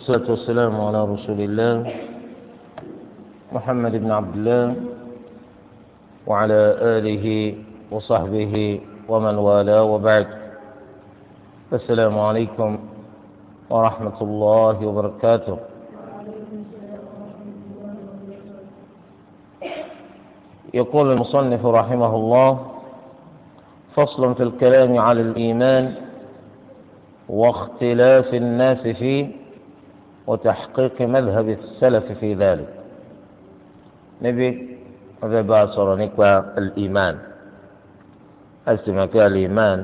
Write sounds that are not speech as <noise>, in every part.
والصلاة والسلام على رسول الله محمد بن عبد الله وعلى آله وصحبه ومن والاه وبعد السلام عليكم ورحمة الله وبركاته يقول المصنف رحمه الله فصل في الكلام على الإيمان واختلاف الناس فيه وتحقيق مذهب السلف في ذلك نبي هذا باصر نكوى الإيمان أسمك الإيمان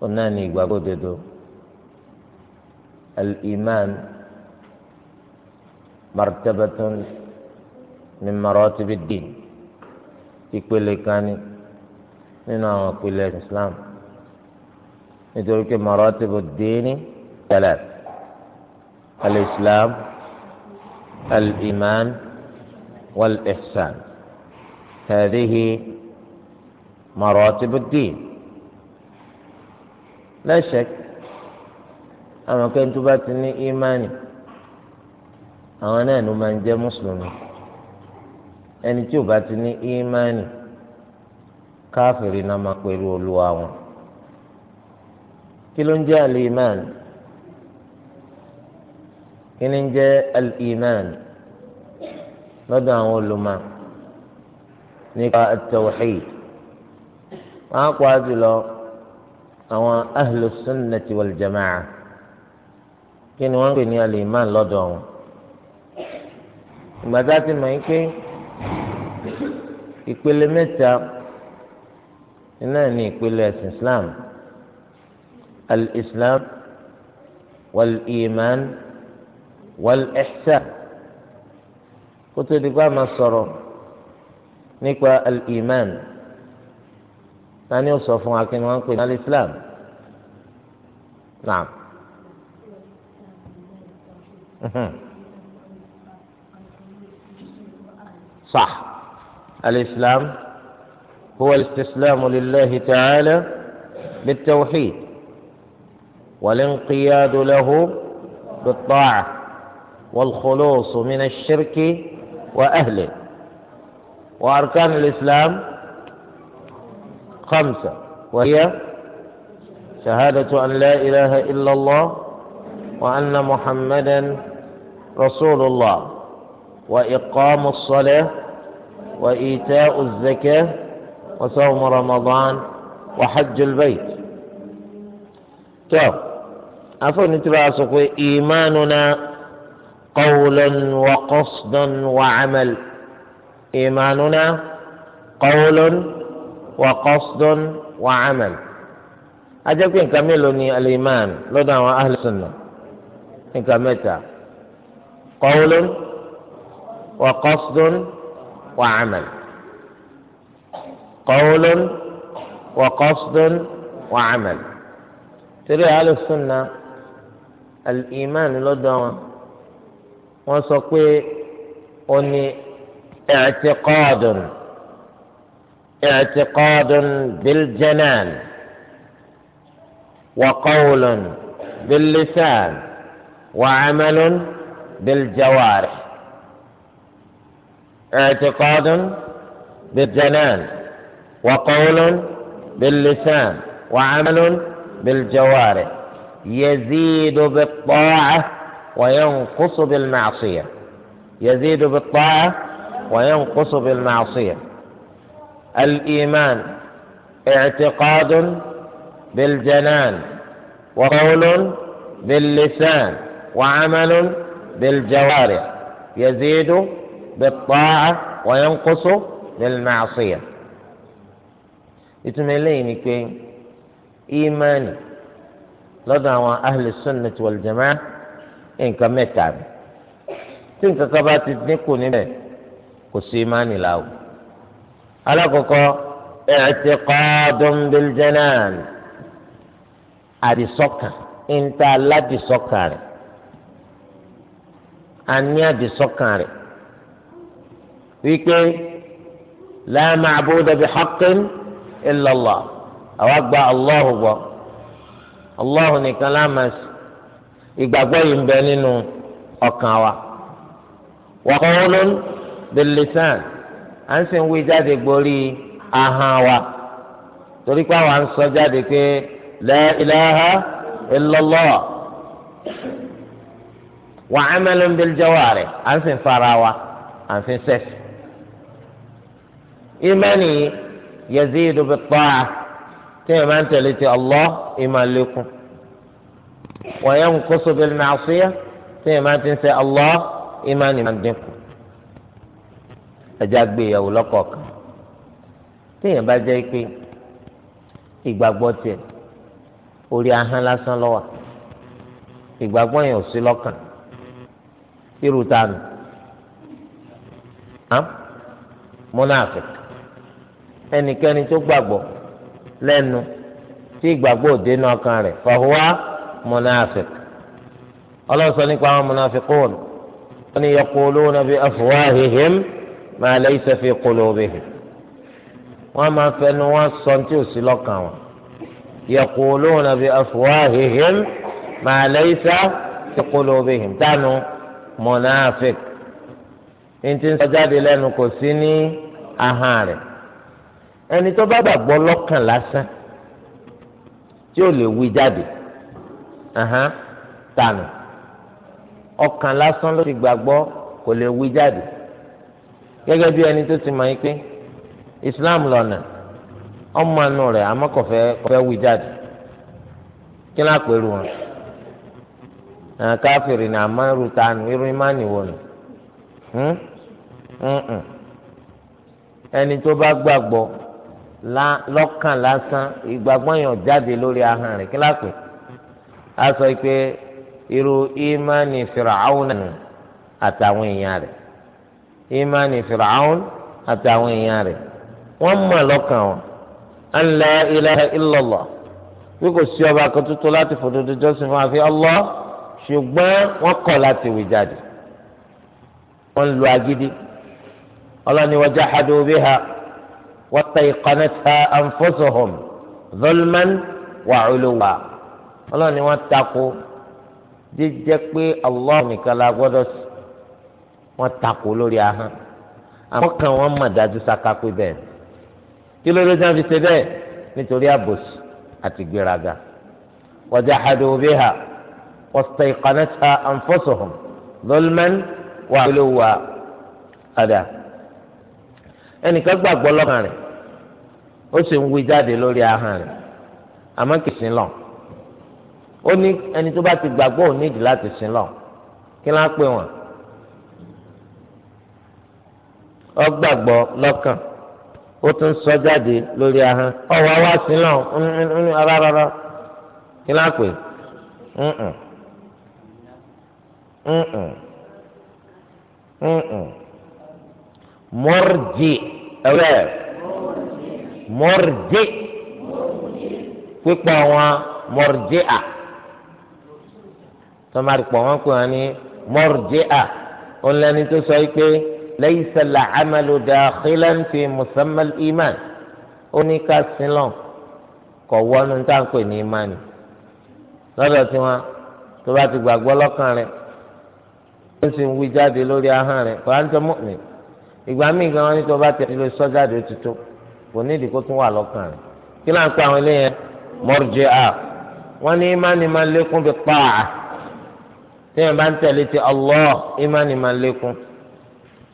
وناني وقدد الإيمان مرتبة من مراتب الدين في كل كان من كل الإسلام Islam مراتب الدين ثلاث الإسلام الإيمان والإحسان هذه مراتب الدين لا شك أما كنت باتني إيماني أنا نمان جا مسلمي ẹni tí o bá ti ní ímánì káfìrí náà máa pẹ̀lú kíni ń jẹ́ al-iman lọ́dọ̀ àwọn olùmọ̀ nípa at-tawhid wọn á kó àjùlọ àwọn ahlu sunnati wal jama'a kíni wọ́n ń pè ní al-iman lọ́dọ̀ wọn ìgbàdá ti mọ̀ ìpele mẹ́ta náà ní ìpele ẹ̀sìn islam al-islam wal-iman. والاحسان قلت لك ما máa sọ̀rọ̀ الإيمان أن tani لكن ما fún wa kí صح الإسلام هو الاستسلام لله تعالى بالتوحيد والانقياد له بالطاعة والخلوص من الشرك وأهله وأركان الإسلام خمسة وهي شهادة أن لا إله إلا الله وأن محمدا رسول الله وإقام الصلاة وإيتاء الزكاة وصوم رمضان وحج البيت تو طيب، أفهم نتبع إيماننا قولا وقصدا وعمل إيماننا قول وقصد وعمل أجابين كملني الإيمان لدى أهل السنة إن كمتا قول وقصد وعمل قول وقصد وعمل ترى أهل السنة الإيمان لدى wọ́n sọ pé ó ní ẹ̀ẹ́tìkọ́ọ̀dùn ẹ̀ẹ́tìkọ́ọ̀dùn biljanan wàkọ́wùlùn billisan wàhámẹ́lùn biljawari ẹ̀ẹ́tìkọ́ọ̀dùn biljanan wàkọ́wùlùn billisan wàhámẹ́lùn biljawari يزيد بالطاعه وينقص بالمعصية يزيد بالطاعة وينقص بالمعصية الإيمان اعتقاد بالجنان وقول باللسان وعمل بالجوارح يزيد بالطاعة وينقص بالمعصية ìtumọ̀ eléyìí ni pé أهل السنة والجماعة nǹkan mẹ́ta ni tí nǹkan kan bá ti dínkù níbẹ̀ kò sí imáni làwù. alákọ̀ọ́kọ́ i'tiqadun bil janan àdìsọ́kàn níta aládìsọ́kàn rẹ̀ àní àdìsọ́kàn rẹ̀ wípé la ma'buda bihaqqin illa Allah àwa gba Allahu gbọ́ Allahu nìkan láàmásì ìgbàgbọ́ yìí ń bẹ nínú ọkàn wa wa qawlun bil lisan à ń sì ń wí jáde gborí ahọ́n wa torí pé àwọn à ń sọ jáde pé la ilaha illallah wa amalun bil jawarih à ń sì fara wa à ń sì sẹ́sì. ìmánì yazidu bit ta'ah tí ìmọ̀ ń tẹ̀lé ti Allah ìmọ̀ lékún. وينقص بالمعصية فيما تنسى الله إيمان من دينكم أجاك بي أو لقوك téèyàn bá jẹ́ pé ìgbàgbọ́ tiẹ̀ orí ahọ́n lásán ló ìgbàgbọ́ yẹn ò sí lọ́kàn irú ta nù monafik ẹnikẹ́ni tó gbàgbọ́ lẹ́nu tí ìgbàgbọ́ òdenu ọkàn rẹ̀ منافق الله سنك وهم منافقون أن يقولون بأفواههم ما ليس في قلوبهم وما فنواس سنتيوس لقاهم يقولون بأفواههم ما ليس في قلوبهم تانو منافق انت سجاد لأنه كسيني أهاري ẹni tó bá gbàgbọ́ lọ́kàn lásán tí ó lè wí jáde tanu ọkàn lásán ló ti gbàgbọ́ kò lè wí jáde gẹ́gẹ́ bí ẹni ti ma yín pé Islam lọ́nà ọmọ àánú rẹ̀ àmọ́ kọfẹ wí jáde kí náà pẹ̀lú wọn káfíìrì ní àmọ́ irú tànù irú imáàní hmm? ẹni tó bá gbàgbọ́ lọ́kàn lásán ìgbàgbọ́ yẹn jáde lórí ahọ́n rẹ̀ kí a sọ pé irú ìmánì fìràhún àtàwọn èèyàn rẹ̀ ìmánì fìràhún àtàwọn èèyàn rẹ̀ wọ́n mọ̀ lọ́kàn wọn an la ilaha illallah bí kò sí ọba kan tuntun láti fòdodo jọ́sìn fún àfi Allah ṣùgbọ́n wọ́n kọ̀ láti wí jáde wọ́n lu agídí ọlọ́ni wajahadu biha wa tayqanatha anfusuhum zulman wa uluwa ọlọ́run ni wọ́n tako jíjẹ́ pé Allah nìkan la gbọ́dọ̀ sí wọ́n tako lórí ahọ́n àmọ́ kan wọ́n mọ̀ dájú saka pé bẹ́ẹ̀ kí ló ló dáa fi ṣe bẹ́ẹ̀ nítorí àbòsí àti gbéraga wajahadu biha wastayqanatha anfusuhum zulman wa uluwa ada ẹnìkan gbàgbọ́ lọ́kàn rẹ̀ ó sì ń wí jáde lórí ahọ́n rẹ̀ àmọ́ kìsìn lọ́n ó ní ẹni tó bá ti gbàgbọ́ ò nídìí láti sin lọ kí ló ń pè wọ́n ó gbàgbọ́ lọ́kàn ó tún sọ jáde lórí ahọ́n ọ̀wá wá sin lọ rárára kí ló ń pè mọ́rjì ẹ̀rẹ́ mọ́rjì pípa wọn mọ́rjì à tọ́mari pọ̀ wọ́n pè wọ́n ní mọ́rùjíà ọ̀nlẹ́ni tó sọ pé laysa làámàlú dakhilan fi musammal iman ó ní ká sílọ̀ kọ̀ wọ́nú tá à ń pè ní imani lọ́dọ̀ tiwọn tó bá ti gbàgbọ́ lọ́kàn rẹ̀ ó sì ń wí jáde lórí ahọ́n rẹ̀ kò á ń ìgbà míì gan wọn ní tó bá ti lè sọ jáde ó kò ní ìdí kó tún wà lọ́kàn rẹ̀ kí láǹpẹ́ àwọn eléyẹn mọ́rùjíà wọ́n ní imani máa lékún bí pààyà. téèyàn bá ń tẹ̀lé ti ọlọ́ ìmánì máa lékún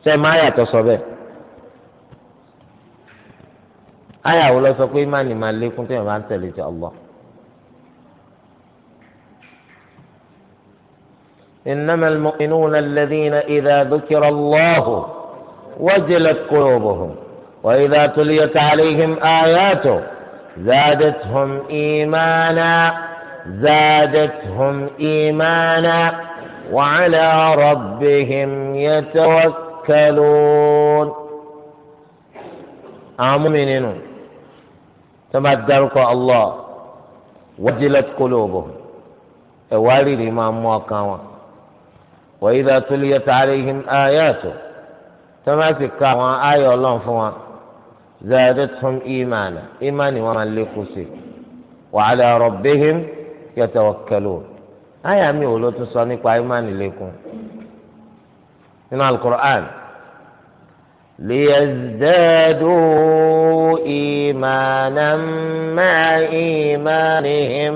ṣe máa yàtọ̀ sọ bẹ́ẹ̀ ayàwó lọ sọ pé ìmánì máa lékún téèyàn bá ń tẹ̀lé ti Allah. إنما المؤمنون الذين إذا ذكر الله وجلت قلوبهم وإذا تليت عليهم آياته زادتهم إيمانا زادتهم إيمانا وعلى ربهم يتوكلون آمنين ثم أدرك الله وجلت قلوبهم والدي ما موكاوا وإذا تليت عليهم آياته ثم آية الله فوا زادتهم إيمانا إيمان ومن وملكوا وعلى ربهم يتوكلون àyà mi ò ló tún sọ nípa imáni lẹ́kùn nínú alukur'an liyazdadu imanan ma'a imanihim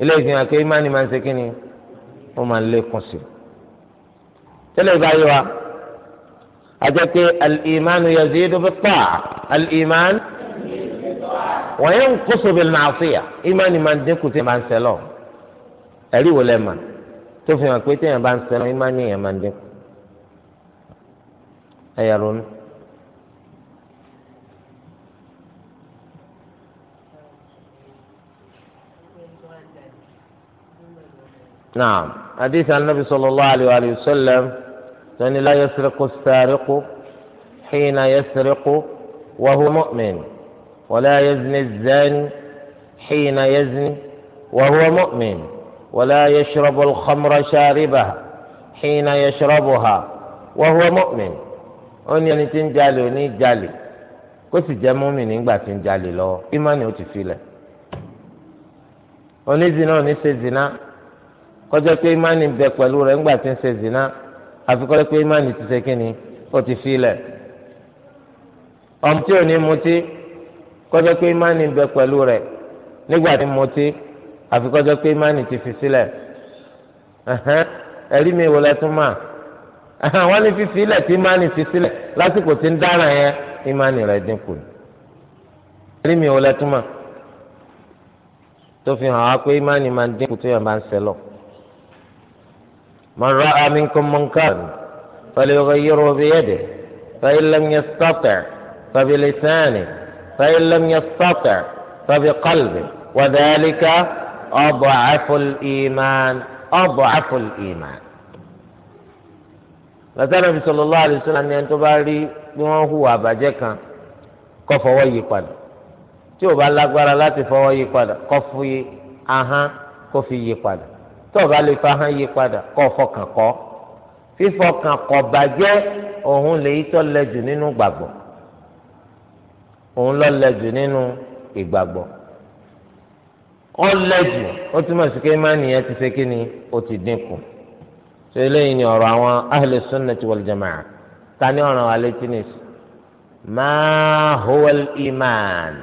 ilé ìfihàn pé imáni máa ń ṣe kínni ó máa ń lékún sí i tẹ́lẹ̀ báyìí wa àjẹ́ pé al-imanu yazidu bit-ta'a al-iman wa yanqusu bil-ma'siyah imáni máa ń dínkù tí máa ń ṣẹlọ̀. ẹ̀rí wo lẹ́ mà tó fi hàn pé téèyàn bá ń sẹ́nu ìmá ní èèyàn máa ń dínkù ẹ̀yà ronú. نعم حديث عن النبي صلى الله عليه وآله وسلم يعني لا يسرق السارق حين يسرق وهو مؤمن ولا يزني الزاني حين يزني وهو مؤمن ولا يشرب الخمر شاربها حين يشربها وهو مؤمن أن ينتين جالي وني جالي كوسي جمو من إنباتين جالي لو إيماني وتفيلة onízìnà oníṣèzìnà kọjá pé imáni bẹ pẹ̀lú rẹ̀ ńgbà tí ń ṣe zìnà àfikọ́lẹ́ pé imáni ti ṣe kíni ó ti filẹ̀ oti ò ní mutí kọjá pé imáni bẹ pẹ̀lú rẹ̀ nígbà tí àfikọ́jọ́ pé imáni ti fi sílẹ̀ ẹ̀rí mi wò lẹ́tún mà wọ́n ní fífi ilẹ̀ tí imáni fi sílẹ̀ lásìkò tí ń dára yẹn imáni rẹ̀ dínkù ẹ̀rí mi wò lẹ́tún mà tó fi hàn wá pé imáni máa ń dínkù tó yẹn bá ń sẹ́lọ̀ man ra'a minkum munkaran falyughayyirhu biyadihi fa'in lam yastati' fabilisanihi fa'in lam yastati' fabiqalbihi wa dhalika ọbọ àfọl ìmàn ọbọ àfọl ìmàn lọtàdà fi sọlọ lọ àdìsọ náà ní ẹni tó bá rí bí wọn hùwà àbàjẹ́ kan kó fọwọ́ yí padà tí o bá lágbára láti fọwọ́ yí padà kó fi ahán kó fi yí padà tí o bá lè fa ahán yí padà kó fọkàn kọ́ fífọkàn kọ́ bàjẹ́ òun lè tọ́ lẹ́jù nínú gbàgbọ́ òun lọ lẹ́jù nínú ìgbàgbọ́ ọlẹ́jù ó túmọ̀ sí pé mánì yẹn ti ṣe kí ni ó ti dínkù ṣe eléyìí ni ọ̀rọ̀ àwọn ahlu sunnati wal jamaa ta ni ọ̀ràn wa létí ni ma huwa al-iman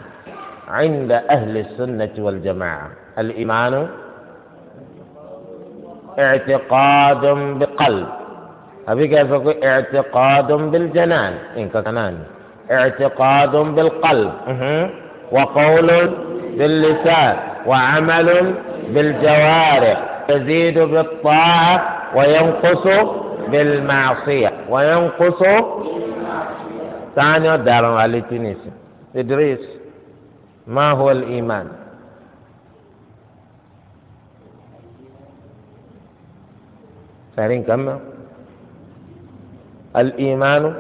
inda ahlu sunnati wal jamaa al-imanu i'tiqadun bi qalb àbí ká sọ pé i'tiqadun bil janan nǹkan kan náà ni i'tiqadun bil qalb wa qawlun bil lisan. وعمل بالجوارح يزيد بالطاعة وينقص بالمعصية وينقص ثاني دار على تونس إدريس ما هو الإيمان سهرين كم الإيمان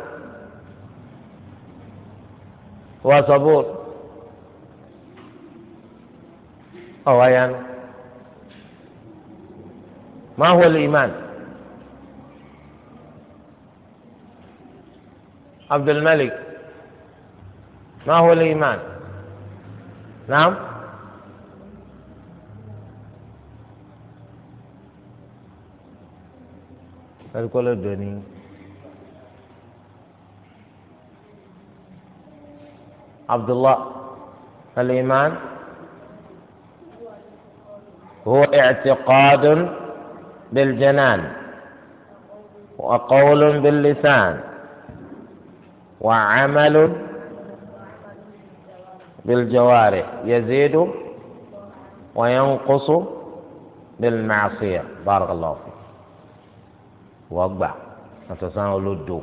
هو صبور قوايا ما هو الإيمان عبد الملك ما هو الإيمان نعم الكل الدنيا عبد الله الإيمان هو اعتقاد بالجنان وقول باللسان وعمل بالجوارح يزيد وينقص بالمعصية بارك الله فيك وأقبع أتساءل الدو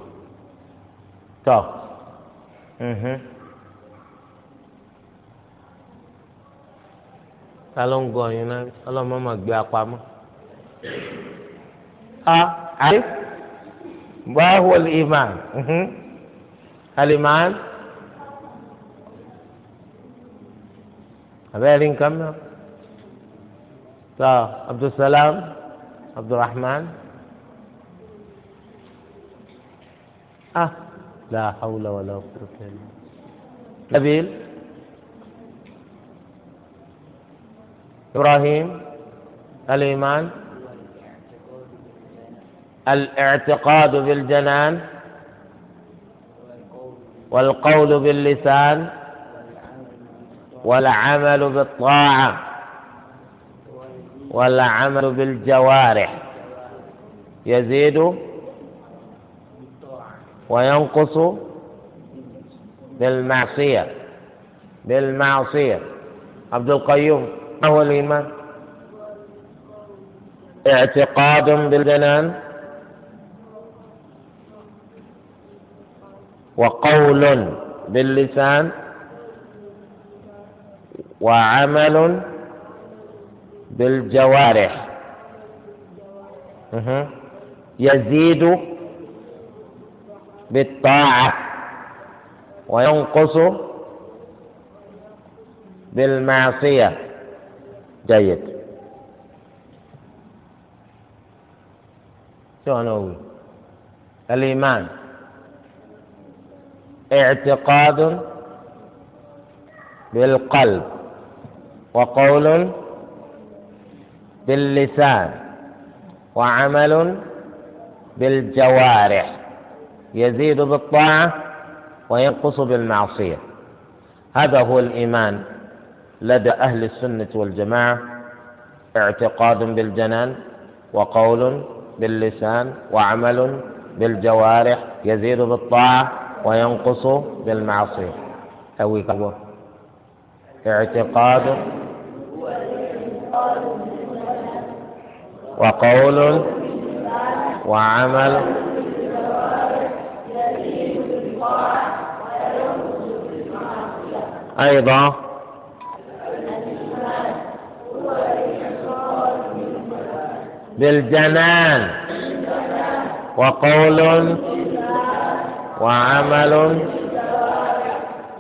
طب ta ló ń gọ ọyàn náà ọlọ́mọ mà gbé apamọ́. a àlè báwo lè mà alimán abẹ́rẹ́ nǹkan mọ́ tó abdulsalam abdulrahman ah la hawla wala quwwata illa إبراهيم الإيمان الاعتقاد بالجنان والقول باللسان والعمل بالطاعة والعمل بالجوارح يزيد وينقص بالمعصية بالمعصية عبد القيوم هو الإيمان اعتقاد بالجنان وقول باللسان وعمل بالجوارح يزيد بالطاعة وينقص بالمعصية جيد شو أنا أقول الإيمان اعتقاد بالقلب وقول باللسان وعمل بالجوارح يزيد بالطاعة وينقص بالمعصية هذا هو الإيمان لدى أهل السنة والجماعة اعتقاد بالجنان وقول باللسان وعمل بالجوارح يزيد بالطاعة وينقص بالمعصية أو اعتقاد وقول وعمل أيضا بالجنان وقول وعمل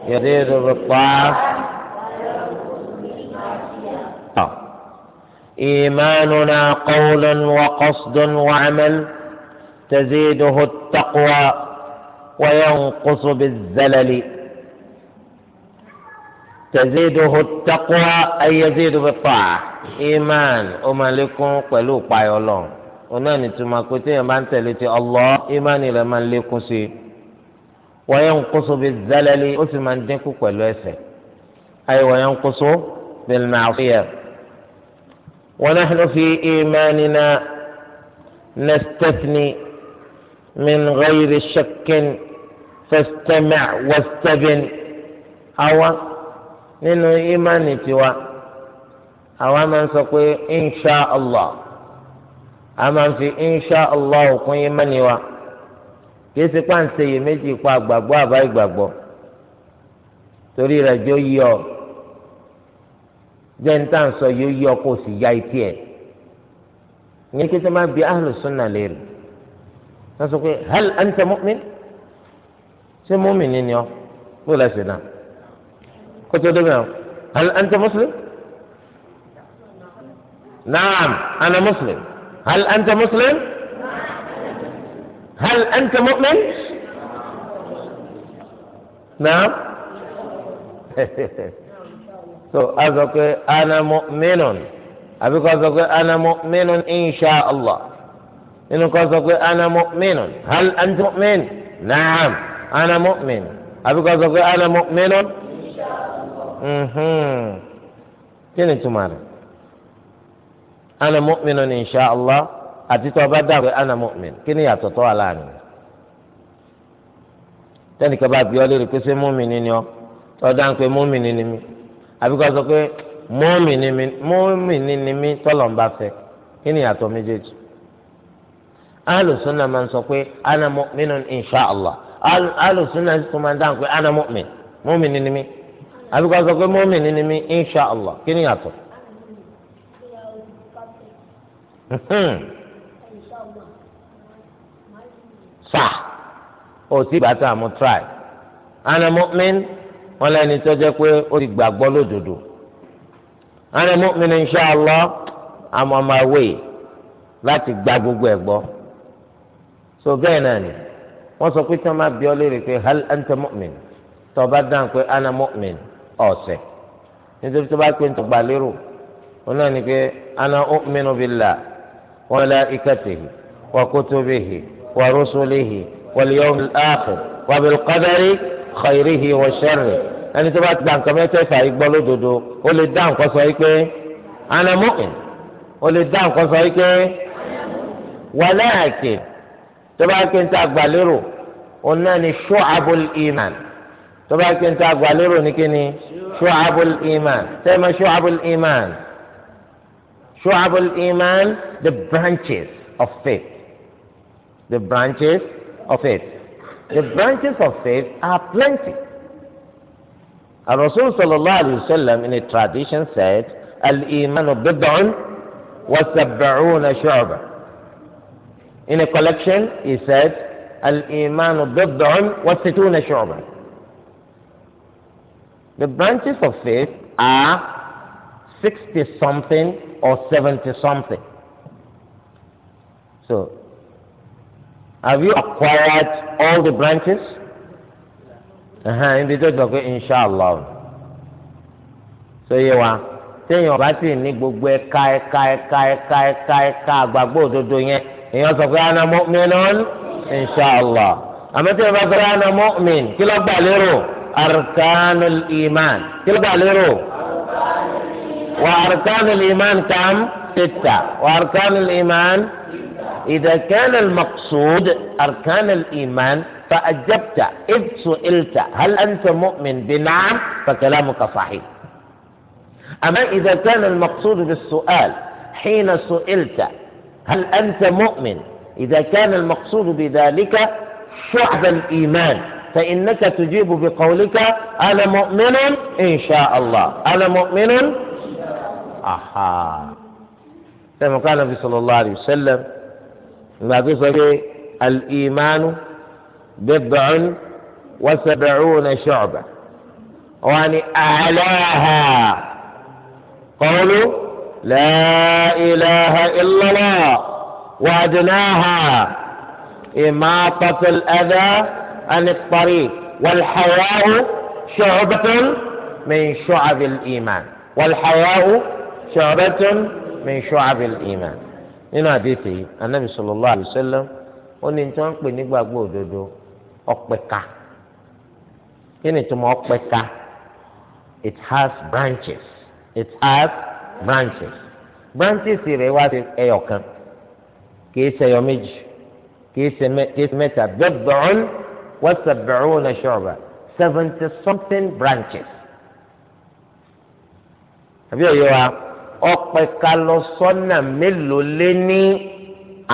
يزيد بالطاعة إيماننا قول وقصد وعمل تزيده التقوى وينقص بالزلل تزيده التقوى أي يزيد بالطاعة إيمان أما لكم قلوا قايلون ونحن ثم كنت من تلتي الله إيمان إلى لكم سي وينقص بالزلل أثمن دينكو قلوا أي وينقص بالمعصية ونحن في إيماننا نستثني من غير شك فاستمع واستبن أو nínú ìmánì tiwa àwa máa ń sọ pé insha allah a máa ń fi insha allah òkun ìmánì wa kì í ṣe pàǹsẹ̀ yìí méjì pa àgbàgbọ́ àbá ìgbàgbọ́ torí rẹ̀ jó yí ọ jẹ́ńtà ń sọ yóò yí ọ ya ẹ̀ bi sunna léèrè wọ́n sọ pé hal anta mu'min ṣé mu'min ni ọ kó lẹ́sìn náà. كتو دمعه هل أنت مسلم؟ نعم أنا مسلم هل أنت مسلم؟ هل أنت مؤمن؟ نعم <laughs> so, أزوك أنا مؤمن أبيك أنا مؤمن إن شاء الله أنا مؤمن هل أنت مؤمن؟ نعم أنا مؤمن أبيك أنا مؤمن Mm-hmm. kí túmọ̀ rẹ̀ ana mu'minun insha Allah àti tó o bá dàgbé ana mu'min kí yàtọ̀ tó wà láàrin tẹnikẹ́ bá bí ọ lórí pé ṣé ọ tó dáa pé mu'min ni mi àbí sọ pé mu'min ni mi tọ́lọ̀ ń bá fẹ́ yàtọ̀ méjèèjì alùsùnà máa ń sọ pé ana Allah alùsùnà tó máa dáhùn pé ni mi. àbí ká sọ pé mọ́mìnì ni mí insha allah kí ni yàtọ̀. Hmm. sà ó ti bàtà mu try ana mu'min wọn lẹni tó jẹ pé ó ti gbàgbọ́ lódodo ana mu'min insha allah I'm on my way láti gba gbogbo ẹ̀ gbọ́ so bẹ́ẹ̀ náà ni wọ́n sọ pé tí wọ́n máa bí ọ léèrè pé hal anta mu'min tó o bá dáhùn pé ana mu'min ọ̀sẹ̀ nítorí tó bá pé ń tọgbà lérò wọn náà ni pé ana u'minu billahi wa malaikatihi wa kutubihi wa rusulihi wal yawmil akhir wa bil qadari khayrihi wa sharrihi ẹni tó bá ti gba nǹkan mẹ́tẹ̀ẹ̀fà yìí gbọ́ lódodo ó lè dá nǹkan sọ yìí pé ana mu'min ó lè dá nǹkan sọ yìí pé walakin tó bá pé ń tọgbà lérò wọn náà ni shu'abul iman tọ́ba kí n ta àgbàlérò ní kíni ṣọ́àbùl iman tẹ́lẹ̀ ṣọ́àbùl iman ṣọ́àbùl iman the branches of faith the branches of faith the branches of faith are plenty. الرسول صلى الله عليه وسلم in a tradition said الإيمان بضع وسبعون شعبة in a collection he said الإيمان بضع وستون شعبة The branches of faith are sixty something or seventy something. So, have you acquired all the branches? Ibi tó pé inshallah. So yé wa, téèyàn bá sì ní gbogbo ẹ̀ka ẹ̀ka ẹ̀ka ẹ̀ka ẹ̀ka ẹ̀ka àgbàgbọ́ òdodo yẹn, èèyàn sọ pé ana mu'minun inshallah. Àmọ́ tí wọ́n bá sọ pé ana mu'min kí ló gbà lérò? أركان الإيمان تلقى ليرو وأركان الإيمان كم ستة وأركان الإيمان إذا كان المقصود أركان الإيمان فأجبت إذ سئلت هل أنت مؤمن بنعم فكلامك صحيح أما إذا كان المقصود بالسؤال حين سئلت هل أنت مؤمن إذا كان المقصود بذلك شعب الإيمان فإنك تجيب بقولك أنا مؤمن إن شاء الله أنا مؤمن أها كما قال النبي صلى الله عليه وسلم ما تصل إيه؟ الإيمان بضع وسبعون شعبة وأن أعلاها قول لا إله إلا الله وأدناها إماطة الأذى عن الطريق والحياء شعبة من شعب الإيمان والحياء شعبة من شعب الإيمان nínú النبي صلى الله عليه وسلم ó ní tí wọn ń pè nígbàgbọ́ òdodo ọpẹka kí ni ìtumọ̀ ọpẹka it has branches it has branches branches rẹ̀ wá sí ẹyọ kan kì í ṣe ẹyọ méjì kì í ṣe mẹ́ta bẹ́ẹ̀ bẹ́ẹ̀ وسبعون شعبة shu'ba seventy something branches. àbí ọ̀yọ́ wa ọ̀pẹ kalọ sọ́nà mélòó lé ní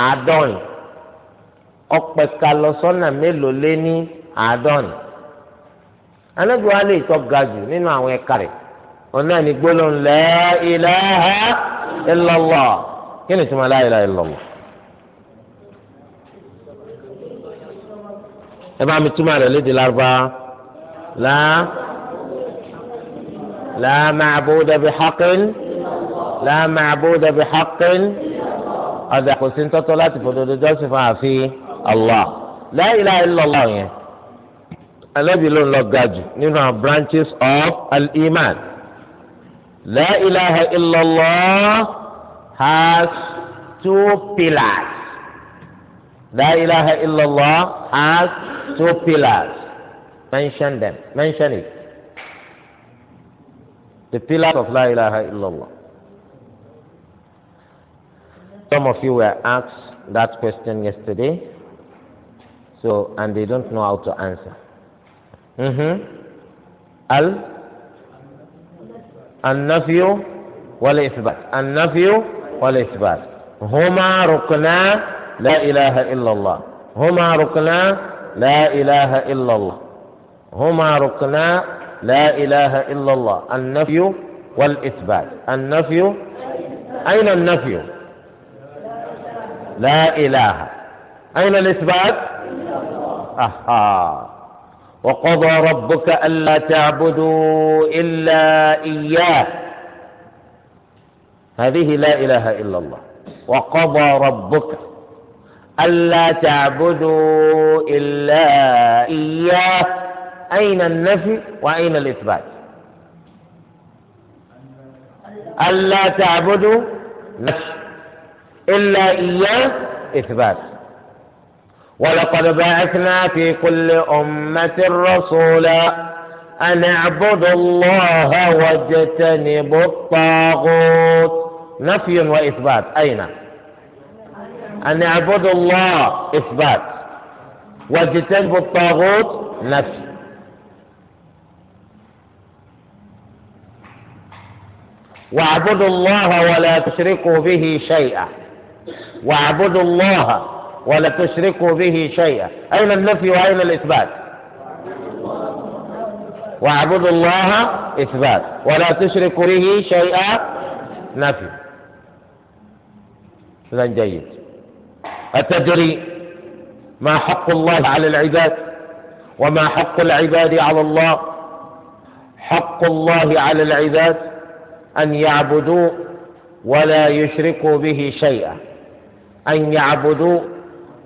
àádọ́rin ọ̀pẹ kalọ sọ́nà mélòó lé ní àádọ́rin. anábì lè tọ́ ga jù nínú àwọn ẹ̀ka rẹ̀ ọ̀nà ní gbólóhùn la ilaha illallah kí ni tí mo la ilaha illallah. ẹ bá mi túmọ̀ rẹ̀ lédè lárúbá la la ma'buda bihaqqin la ma'buda bihaqqin ọ̀dà kò sí tọ́tọ́ láti fòdodo jọ́sìn fún àfi Allah la ilaha illallah yẹn alẹ́bi ló ń lọ ga nínú àwọn branches of al-iman la ilaha illallah has two pillars. La ilaha illallah has two pillars. Mention them. Mention it. The pillars of La ilaha illallah. Some of you were asked that question yesterday, so and they don't know how to answer. Mm-hmm. Al النفي والإثبات النفي والإثبات هما ركنان لا إله إلا الله هما ركنا لا إله إلا الله هما ركنا لا إله إلا الله النفي والإثبات النفي أين النفي لا إله أين الإثبات أها وقضى ربك ألا تعبدوا إلا إياه هذه لا إله إلا الله وقضى ربك ألا تعبدوا إلا إياه أين النفي وأين الإثبات ألا تعبدوا إلا إياه إثبات ولقد بعثنا في كل أمة رسولا أن اعبدوا الله واجتنبوا الطاغوت نفي وإثبات أين؟ أن اعبدوا الله إثبات واجتنبوا الطاغوت نفي واعبدوا الله ولا تشركوا به شيئا واعبدوا الله ولا تشركوا به شيئا أين النفي وأين الإثبات واعبدوا الله إثبات ولا تشركوا به شيئا نفي إذا جيد أتدري ما حق الله على العباد وما حق العباد على الله حق الله على العباد أن يعبدوه ولا يشركوا به شيئا أن يعبدوه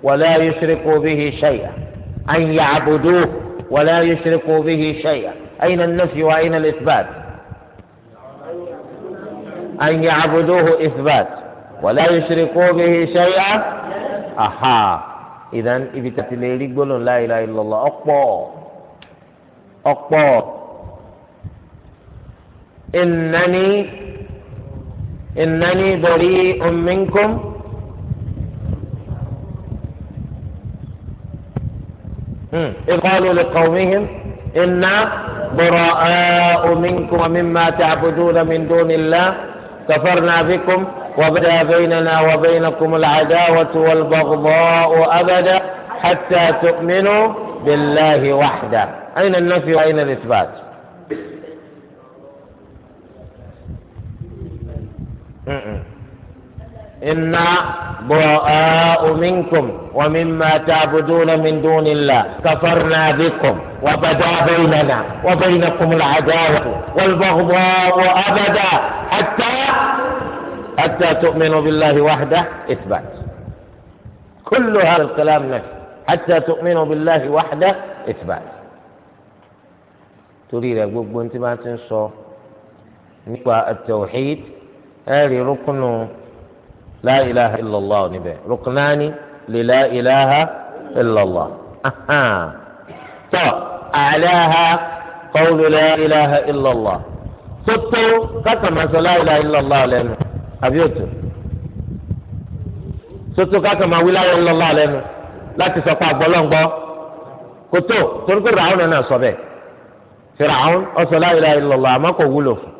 ولا يشركوا به شيئا أن يعبدوه ولا يشركوا به شيئا أين النفي وأين الإثبات أن يعبدوه إثبات ولا يشركوا به شيئا aha idan ibi tàbí lè rí gbolo la ilaha illallah ọ̀pọ̀ ọ̀pọ̀ innani innani bari'un minkum. إذ قالوا لقومهم إنا براء منكم ومما تعبدون من دون الله كفرنا بكم وبدا بيننا وبينكم العداوة والبغضاء أبدا حتى تؤمنوا بالله وحده أين النفي وأين الإثبات إنا براء منكم ومما تعبدون من دون الله كفرنا بكم وبدا بيننا وبينكم العداوة والبغضاء أبدا حتى حتى تؤمنوا بالله وحده إثبات كل هذا الكلام نفي حتى تؤمنوا بالله وحده إثبات تريد أقول أنت ما تنسوا نقوى التوحيد هذه ركن لا إله إلا الله نبي ركنان للا إله إلا الله أها أعلاها قول لا إله إلا الله ستو كما لا إله إلا الله لأنه àbí òtò soso káka máa wí láyé ńlọ́lá lẹ́nu láti sọ pé àgbọ̀lọ́ngbọ́ kótó torí pé ràhùn náà sọ bẹ́ẹ̀ fi ràhùn ọ̀sọ̀ láyé láyé ńlọ́lá àmọ́ kò wúlò fún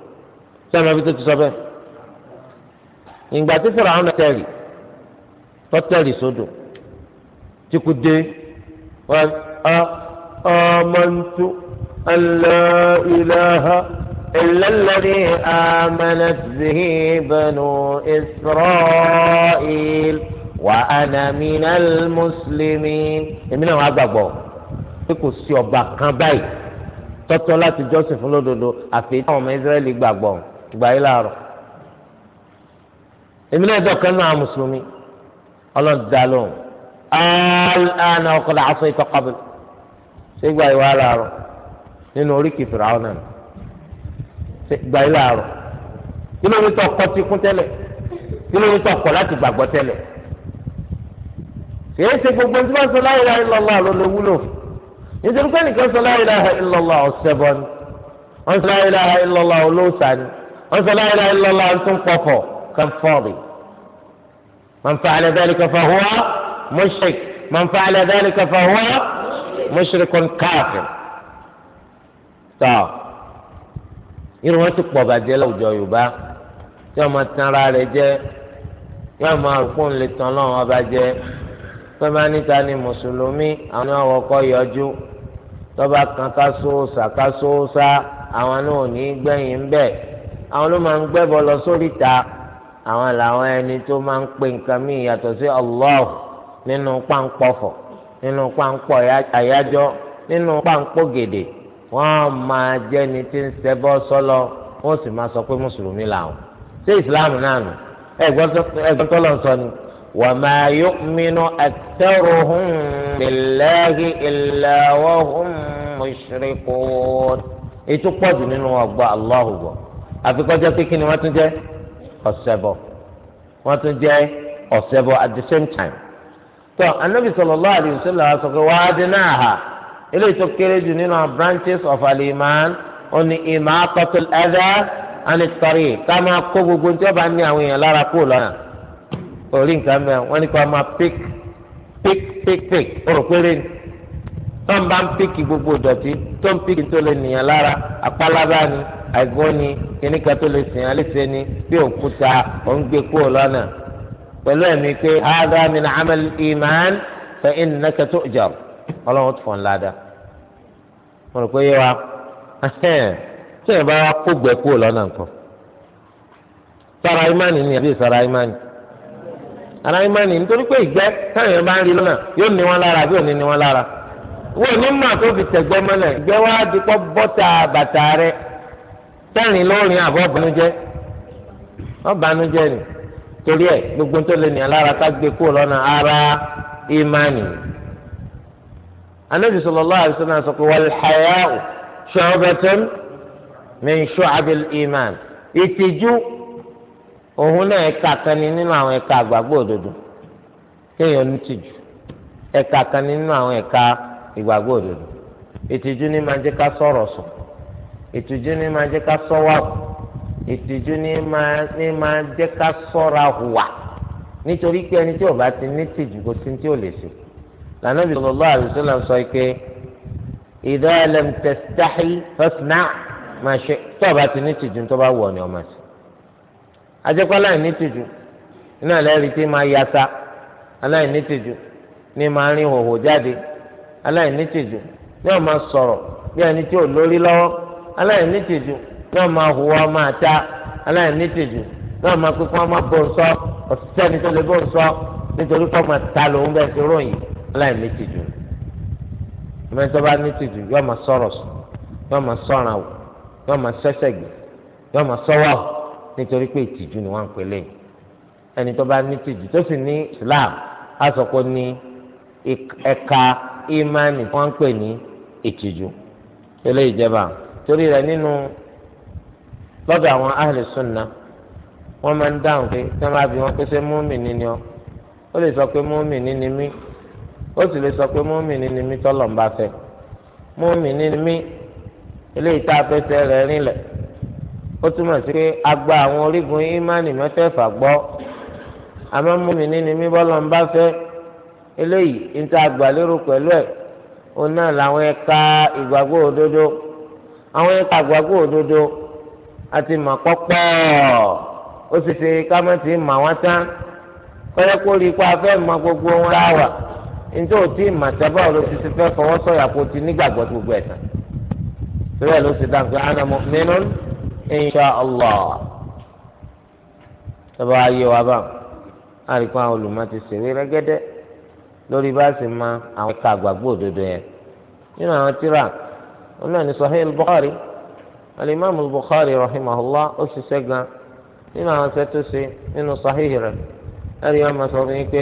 sẹ́mi ẹbí tó ti sọ bẹ́ẹ̀ ìgbà tí fi ràhùn náà tẹ̀lé tọ́tẹ̀lì sódò tí kò dé ọmọ ntú aláìláha. إلا الذي آمنت به بنو إسرائيل وأنا من المسلمين èmi náà wàá gbàgbọ́ pé kò sí ọba kan báyìí tọ́tọ́ láti jọ́sìn fún lódodo àfi táwọn ọmọ Ísírẹ́lì gbàgbọ́ ìgbà yìí láàárọ̀ èmi náà dọ̀kan náà mùsùlùmí ọlọ́run dá lóhùn àlànà ọkọ̀dà aṣọ ìtọ́kọ̀bẹ̀ ṣé ìgbà yìí wàá láàárọ̀ nínú oríkì Fìràwọ̀ náà gba ilé àárọ̀ kí ló ní tọkọ ti kún tẹ́lẹ̀ kí ló ní tọkọ láti gbàgbọ́ tẹ́lẹ̀ kìí ṣe gbogbo ní wọ́n sọ la ilaha illallah ló lè wúlò nítorí pé nìkan sọ la ilaha illallah ọ̀sẹ̀bọ ni wọ́n sọ la ilaha illallah olóòṣà ni wọ́n sọ la ilaha illallah ọ̀tún pọ̀pọ̀ kẹfọ́ọ̀rì man fa'ala dhalika fahuwa mushrik man fa'ala dhalika fahuwa mushrikun kafir. irun wọn ti pọ̀ bàjẹ́ láwùjọ yorùbá tí wọ́n máa ara rẹ̀ jẹ́ yóò máa rúkú ń lè tan lọ́wọ́ ọba jẹ́ níta ni mùsùlùmí àwọn náà wọ́kọ́ yọjú tọ́ba kan ká sóòsà ká sóòsà àwọn náà ò ní gbẹ̀yìn ń bẹ̀ àwọn ló máa ń gbẹ́bọ lọ sórí ta àwọn làwọn ẹni tó máa ń pè nǹkan mí yàtọ̀ sí Allah nínú nínú nínú páńpọ̀ wọ́n máa jẹ́ni tí ń ṣẹbọ sọ́lọ wọ́n sì máa sọ pé mùsùlùmí làwọn ṣé ìsìláàmù náà nù ẹ̀gbọ́n tọ́lọ̀ ń sọ ni wa ma yu'minu aktharuhum billahi illa wa hum mushrikun ètò pọ̀jù nínú ọgbà Allahu gbọ́ àfikọ́jọ́ pé kí ni wọ́n tún jẹ́ ọ̀ṣẹbọ wọ́n tún jẹ́ ọ̀ṣẹbọ at the same time. tó Ànábì sallallahu alaihi wasallam sọ pé wàá dín náà hà eléyìí tó kéré jù nínú àwọn branches of aliman ó ní ìmọ̀ akọ́tò ẹ̀dá anitari ká máa kó gbogbo tí wọ́n bá ní àwọn èèyàn lára kó lọ́nà orí nǹkan mẹ́rin wọ́n ní kó máa pick pick pick pick ọ̀rọ̀ péré ni tó ń bá ń píkì gbogbo ìdọ̀tí tó ń píkì tó lè nìyàn lára àpálábá ni àìgbọ́n ni kíníkà tó lè sìn àlẹ́sẹ̀ ni bí òkúta ò ń gbé kó lọ́nà pẹ̀lú ẹ̀mí pé ága min amal iman fa innaka tu'jar. ọlọ́run tó fọ́n ládàá rò pé yé wa <laughs> tí èèyàn bá wá kó gbẹ sara imani ni àbí sara imani ara imani nítorí pé ìgbẹ́ bá ń rí lọ́nà yóò ní wọn lára àbí òní ní wọn lára ní mà tó fi tẹ̀gbẹ́ mọ́lẹ̀ ìgbẹ́ wa bọ́tà bàtà rẹ tẹ́rìn àbọ̀ ọ̀bànújẹ́ gbogbo tó lè ní alára ká gbé ara imani. anabi sallallahu alaihi wasallam sọ pé wal haya'u shu'batun min shu'abil iman ìtìjú òun náà ẹ̀ka kan ní nínú àwọn ẹ̀ka àgbàgbọ́ òdodo kéèyàn ní tìjú ẹ̀ka kan ní nínú àwọn ẹ̀ka ìgbàgbọ́ òdodo ìtìjú ní máa jẹ́ ká sọ̀rọ̀ sọ ìtìjú ní máa jẹ́ ká sọ́wọ́ àpò ìtìjú ní máa jẹ́ ká sọ́ra hùwà nítorí pé ẹni tí ó bá ti ní tìjú kò sí ní tí ò lè ṣe. lànàbì sallallahu alaihi wasallam sọ pé idha lam tastahi fasna' ma shi' tó o bá ti ni ọmọ yasa ala tìjú ní máa rin ala jáde aláìní tìjú ní ọmọ sọ̀rọ̀ bí ẹni tí ò lórí lọ́wọ́ aláìní tìjú ní ọmọ hùwà ọmọ aláìní tìjú ìmọ̀tọ́ bá ní tìjú yóò máa sọ̀rọ̀ sùn yóò máa sọ̀ràn wò yóò máa sẹ́sẹ̀ gbé yóò máa sọ́wọ́ nítorí pé ìtìjú ni wọ́n ń pè lẹ́yìn ẹni tó bá ní tìjú tó sì ní Islam á sọ pé ní ẹ̀ka ìmánì wọ́n ń pè ní ìtìjú eléyìí jẹba torí rẹ̀ nínú lọ́dọ̀ àwọn ahli sunna wọ́n máa ń dáhùn pé tí wọ́n bá bí wọ́n pèsè múmi nínú ọ ó lè sọ pé múmi nínú mí ó sì lè sọ pé mọ́mìnì ni mí tọ́lọ̀ ń bá fẹ́ mọ́mìnì ni mí eléyìí tá a fẹsẹ̀ rẹ̀ rinlẹ̀ ó túmọ̀ sí pé a gba àwọn orígun ìmánì mẹ́fẹ̀ẹ̀fà gbọ́ àmọ́ mọ́mìnì ni mí bọ́lọ̀ ń bá fẹ́ eléyìí ní tá a gbà lérò pẹ̀lú ẹ̀ òun náà làwọn ẹ̀ka ìgbàgbọ́ òdodo àwọn ẹ̀ka ìgbàgbọ́ òdodo àti mà pọ́pọ́ ó sì ṣe ká má ti mà wọ́n tán kọ́yẹ́ kó rí i pé a fẹ́ mọ gbogbo wọn láwàá njẹ́ o ti màtẹ́bà o ló ti ti fẹ́ fọwọ́ sọ̀yà kó o ti nígbàgbọ́ tó gbogbo ẹ̀sán torí ẹ̀ ló ti dáhùn pé ana mu'minun insha allah tọ́ba ayé wa bá àríkú àwọn olùmọ̀ ti ṣèwé rẹ́gẹ́dẹ́ lórí bá a sì ma àwọn ẹ̀ka àgbàgbọ́ òdodo yẹn nínú àwọn tíra wọn náà ní sahih bukhari al bukhari rahimahullah ó ṣiṣẹ́ gan nínú àwọn sẹ́tọ́sí nínú sahih rẹ̀ ẹ̀rí wọn máa pé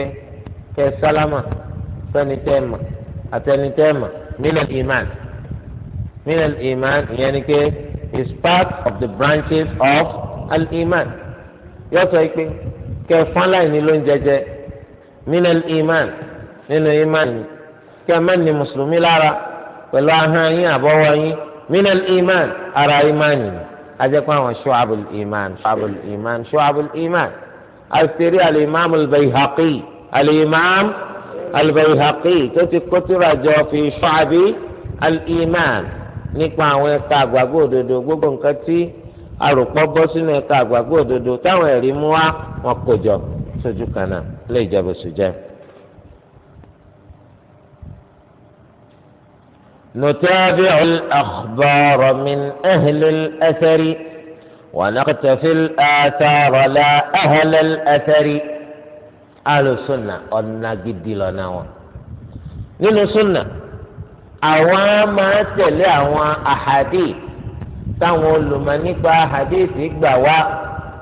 kẹ́ sálámà sẹ́nitẹ́ẹ̀mà àtẹnitẹ́ẹ̀mà minal iman minal iman ìyẹn ni pé is part of the branches of al iman yọ sọ pé kẹ fọnláì ní ló ń jẹjẹ minal iman nínú iman ni kẹ má ní mùsùlùmí lára pẹ̀lú ahọ́n yín àbọ̀wọ́ yín minal iman ara iman ni ajẹ́pọ̀ àwọn shu'abul iman shu'abul iman shu'abul iman àṣírí al-imam al-bayhaqi albayhaqi tó ti kó tírà jọ fi ṣọ́àbí al-iman nípa àwọn ẹ̀ka àgbàgbọ́ òdodo gbogbo nǹkan tí arùpọ̀ bọ́ sínú ẹ̀ka àgbàgbọ́ òdodo táwọn ẹ̀rí mú wá wọn kò jọ sójú kan lè jẹ́bù sùjẹ́. نتابع الأخبار من أهل الأثر ونقتفي الآثار لا أهل الأثر alùsùnà ọ̀nà gidi lọ́nà wọn nínú sùnà àwọn máa tẹ̀lé àwọn àhàdì táwọn olùmọ̀ nípa àhàdì sì gbà wá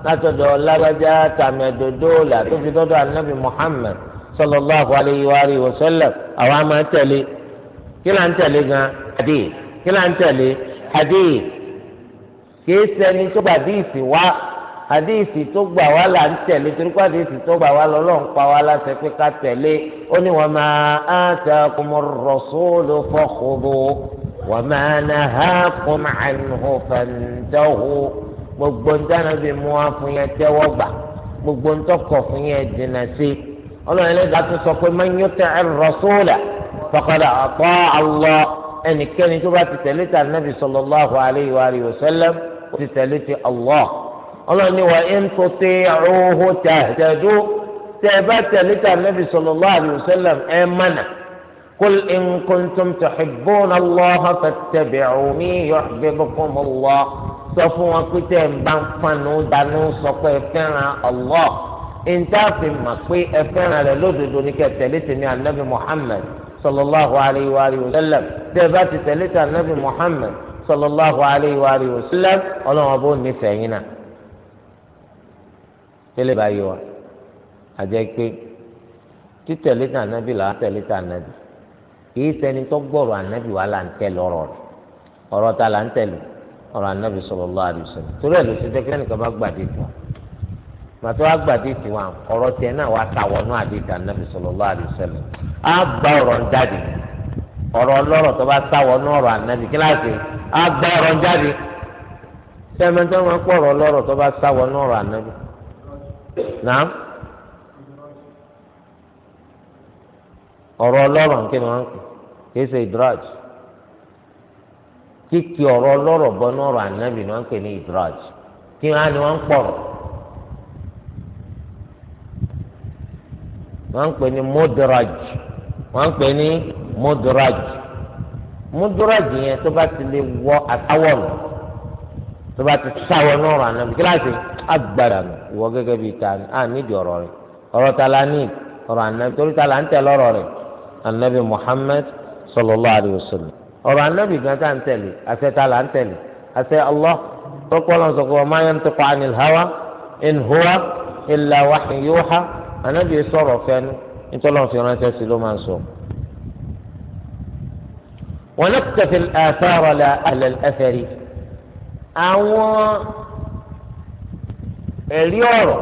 látọ̀dọ̀ lágbájá tàmẹ̀dòdó là tó fi dọ́dọ̀ anábì Muhammad sallallahu alayhi wa alihi wa sallam àwọn máa tẹ̀lé kí là ń tẹ̀lé gan àhàdì kí là ń tẹ̀lé àhàdì kì í tó gbàdí ìsìn wá àdéhìsì tó gbà wá là ń tẹ̀lé torí pé àdéhìsì tó gbà wá lọ lọ́n pa wá láṣẹ pé ká tẹ̀lé ó ní wa mā ātākumu r-rasūlu fakhudhūhu wa mā nahākum ʿanhu fantahū gbogbo ntana bí mu wá fún yẹn tẹ́wọ́ gbà gbogbo ntọ́kọ̀ fún yẹn dènà sí ọlọ́run ẹlẹ́dàá tó sọ pé man yutiʿi r-rasūla faqad aṭāʿa ẹnikẹ́ni tó bá ti tẹ̀lé tà nàbì sallallahu ọlọ́ni wa ń tó tẹ ọ̀hún tẹ̀dú tẹ ẹ bá tẹ̀lé tà nàbì sallallahu alaihi wasallam ẹ mánà kul in kuntum tuhibbuna Allah fattabi'uni yuhibbukum Allah sọ fún wọn pé tẹ ẹ bá fanu dànù sọ pé ẹ fẹ́ràn Allah ìntàfin mà pé ẹ fẹ́ràn rẹ̀ lódodo ní kẹ tẹ̀lé tèmi ànábì Muhammad sallallahu alayhi wa sallam tẹ ẹ bá ti tẹ̀lé tà nàbì Muhammad sallallahu alayhi wa sallam ọlọ́wọ́n bó nífẹ̀ẹ́ yín náà. tẹ́lẹ̀ bá yọ wa àjẹ́ pé títẹ̀lé tà nábì là tẹ̀lé tà nábì kìí ṣẹni tó gbọ́rọ̀ ànábì wà là ń tẹ̀lé ọ̀rọ̀ rẹ̀ ọ̀rọ̀ ta là ń tẹ̀lé ọ̀rọ̀ ànábì sallallahu alaihi wasallam torí ẹ̀ ló ṣe fẹ́kẹ́ nìkan bá tiwa màtó wá tiwa ọ̀rọ̀ tiẹ̀ náà wà ta gba ọ̀rọ̀ ń jáde ọ̀rọ̀ ọlọ́rọ̀ tó bá sá wọnú ọ̀rọ̀ ànábì kíláàsì á gba ọ̀rọ̀ ń jáde sẹ́mẹ́ntẹ́ wọn pọ̀ ọ̀rọ̀ ọlọ́rọ̀ tó bá sá wọnú ọ̀rọ̀ nàám ọ̀rọ̀ ọlọ́rọ̀ nké ni wọ́n ń pè kìí ṣe idraj kíkì ọ̀rọ̀ ọlọ́rọ̀ bọ́nú ọ̀rọ̀ ànábì ni wọ́n ń pè ní idraj kí wọ́n á ní wọ́n ń pọ̀rọ̀ ní mudraj wọ́n ń pè ní mudraj mudraj yẹn tó bá ti lè wọ àtàwọ̀ tó bá ti sáwọ náà rà nàbí kíláàsì agbára nù ìwọ gẹ́gẹ́ bíi ta ni a níbi ọ̀rọ̀ rẹ̀ ọ̀rọ̀ ta la ní ọ̀rọ̀ ànábi torí ta la ń tẹ lọ́rọ̀ rẹ̀ ànábi Muhammad sallallahu alaihi wasallam ọ̀rọ̀ ànábi gan ta ń tẹ̀lé àṣẹ ta la ń tẹ̀lé àṣẹ Allah tọkọlọ sọkọ ọmọ ayé ń tọkọ hawa in huwa illa wahyu yuha ànábi sọ̀rọ̀ fẹnu nítorí wọn fi sí ló máa ń sọ. ونكتفي الآثار لا أهل الأثر àwọn ẹ̀rí ọ̀rọ̀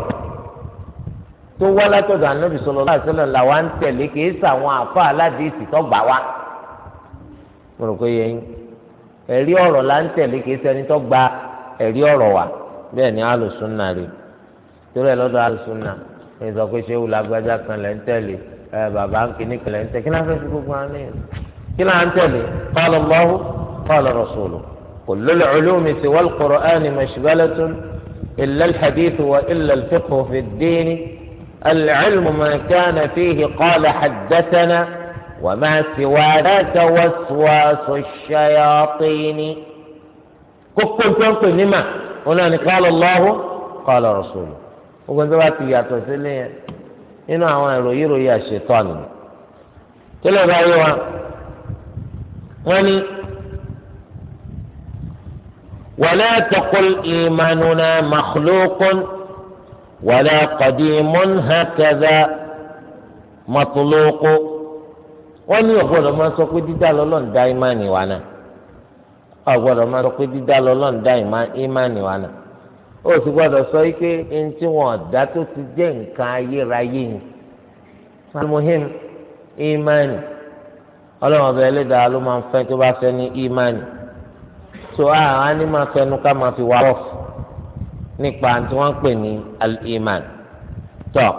tó wá látọ̀dọ̀ ànábì sọ̀rọ̀ láti làwa ń tẹ̀lé kìí sàwọn àfa aládìsí tọ́gbà wa ẹ̀rí ọ̀rọ̀ là ń tẹ̀lé kìí ọ̀rọ̀ wa bẹ́ẹ̀ ni alùsùnà rè lọ́dọ̀ alùsùnà ẹ̀ sọ pé ṣé kan lẹ́ ń tẹ̀lé ẹ̀ bàbá kan lẹ́ ń tẹ̀lé kí fẹ́ fi gbogbo كل العلوم سوى القرآن مشغلة إلا الحديث وإلا الفقه في الدين العلم ما كان فيه قال حدثنا وما سوى ذاك وسواس الشياطين كوكو كوكو نما هنا قال الله قال رسوله وقلت له يا تسلي إنه هو يروي يا شيطان كلا رأيوا وأني ولا تقل إيماننا مخلوق ولا قديم هكذا مطلوق wọ́n ní ọ̀gbọ́dọ̀ máa sọ pé dídá lọ́lọ́run dá ìmánì wa náà ọ̀gbọ́dọ̀ máa sọ pé dídá lọ́lọ́run dá ìmánì wa náà ó sì gbọ́dọ̀ sọ pé ẹni tí wọ́n dá tó ti jẹ́ nǹkan ayérayé ni salmuhim ìmánì ọlọ́run ọba ẹlẹ́dàá ló máa ń fẹ́ tó bá fẹ́ ní ìmánì so àwọn á ní máa fẹnu ká máa fi wá rọ̀ nípa tí wọ́n pè ní al-iman tọ́.